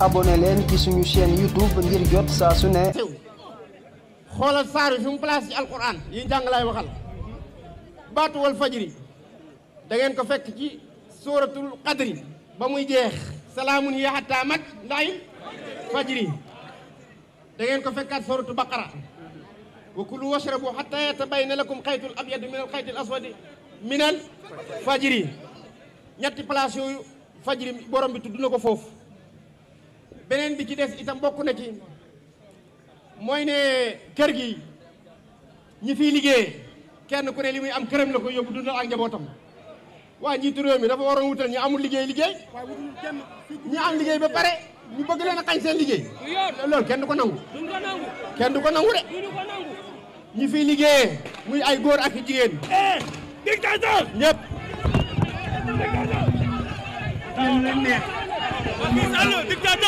abonné leen ci suñu chaîne YouTube ngir jot saa ne. xoolal saar yi fi ci alquran yi jàng laay waxal baatu wal fajri ko fekk ci sóoratul qadri ba muy jeex salaamun hiya hatta mat ndaay fajri da ko fekkaat sóoratu baqara wa kulu washrabu hatta yatabayyana lakum xaytul abyadu min al xayti al aswadi min al ñetti place yooyu fajri borom bi tudd na ko foofu beneen bi ci des itam bokk na ci mooy ne kër gi ñi fiy liggéey kenn ku ne li muy am këram la ko yóbbu dundal ak njabootam waaye njiitu réew mi dafa waroon wutal ñi amul liggéey liggéey ñi am liggéey ba pare ñu bëgg leen liggéey loolu kenn du ko nangu kenn du ko nangu de ñi fiy liggéeyee muy ay góor ak jigéen eh, dictateur ñëpp dictateur